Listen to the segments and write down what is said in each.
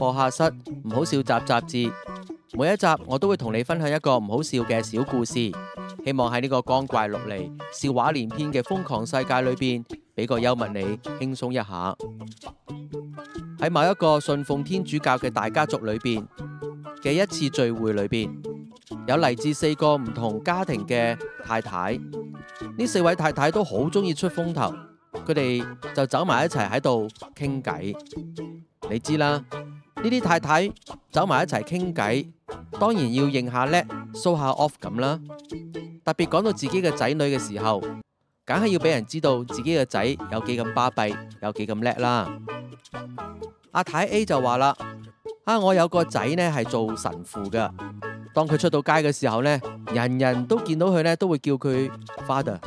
播客室，唔好笑集雜誌，每一集我都會同你分享一個唔好笑嘅小故事，希望喺呢個光怪陸離、笑話連篇嘅瘋狂世界裏邊，俾個幽默你輕鬆一下。喺某一個信奉天主教嘅大家族裏邊嘅一次聚會裏邊，有嚟自四個唔同家庭嘅太太，呢四位太太都好中意出風頭，佢哋就走埋一齊喺度傾偈，你知啦。呢啲太太走埋一齊傾偈，當然要認下叻，show 下 off 咁啦。特別講到自己嘅仔女嘅時候，梗係要俾人知道自己嘅仔有幾咁巴閉，有幾咁叻啦。阿太 A 就話啦：啊，我有個仔呢係做神父㗎，當佢出到街嘅時候呢，人人都見到佢呢，都會叫佢 father。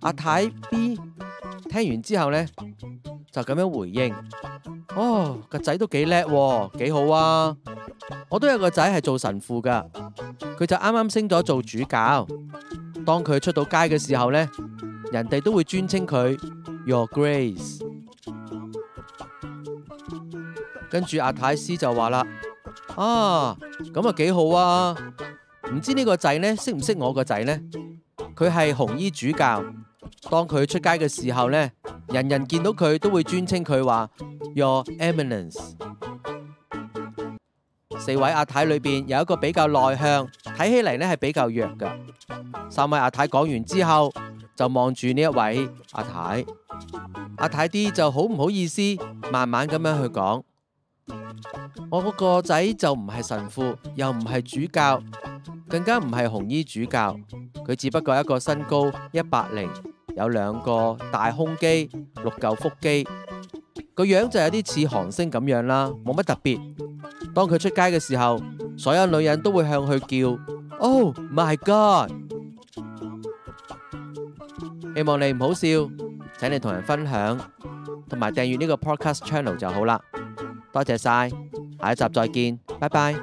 阿太 B 聽完之後呢，就咁樣回應，哦，個仔都幾叻，幾好啊！我都有個仔係做神父噶，佢就啱啱升咗做主教。當佢出到街嘅時候呢，人哋都會尊稱佢 Your Grace。跟住阿太師就話啦，啊，咁啊幾好啊！唔知呢個仔呢識唔識我個仔呢？佢係紅衣主教，當佢出街嘅時候呢……」人人見到佢都會尊稱佢話 Your Eminence。四位阿太裏邊有一個比較內向，睇起嚟呢係比較弱嘅。三位阿太講完之後，就望住呢一位阿太。阿太啲就好唔好意思，慢慢咁樣去講。我嗰個仔就唔係神父，又唔係主教，更加唔係紅衣主教。佢只不過一個身高一百零，有兩個大胸肌、六嚿腹肌，個樣就有啲似韓星咁樣啦，冇乜特別。當佢出街嘅時候，所有女人都會向佢叫：Oh my God！希望你唔好笑，請你同人分享同埋訂閱呢個 podcast channel 就好啦。多謝晒，下一集再見，拜拜。